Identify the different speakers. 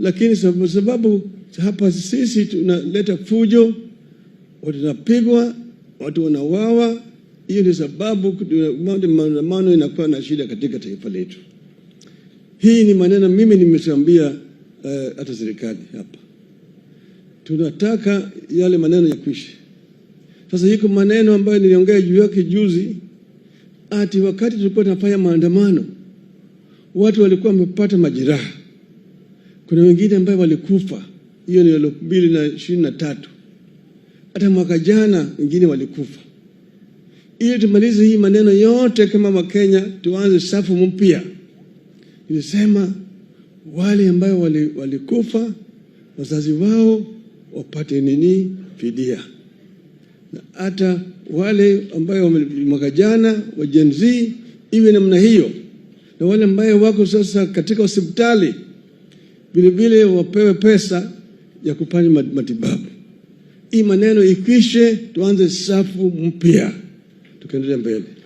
Speaker 1: lakini sababu hapa sisi tunaleta fujo, watu wanapigwa, watu wanawawa. Hiyo ni sababu maandamano inakuwa na shida katika taifa letu. Hii ni maneno mimi nimesambia eh, hata uh, serikali hapa, tunataka yale maneno ya kuishi sasa. Iko maneno ambayo niliongea juu yake juzi, ati wakati tulikuwa tunafanya maandamano watu walikuwa wamepata majeraha kuna wengine ambayo walikufa, hiyo ni elfu mbili na ishirini na tatu. Hata mwaka jana wengine walikufa. Ili tumalize hii maneno yote kama Wakenya, tuanze safu mpya. Nilisema wale ambayo walikufa wali wazazi wao wapate nini? Fidia. Na hata wale ambayo mwaka jana wa Gen Z iwe namna hiyo, na wale ambayo wako sasa katika hospitali vilevile wapewe pesa ya kufanya matibabu. Hii maneno ikwishe, tuanze safu mpya, tukaendelea mbele.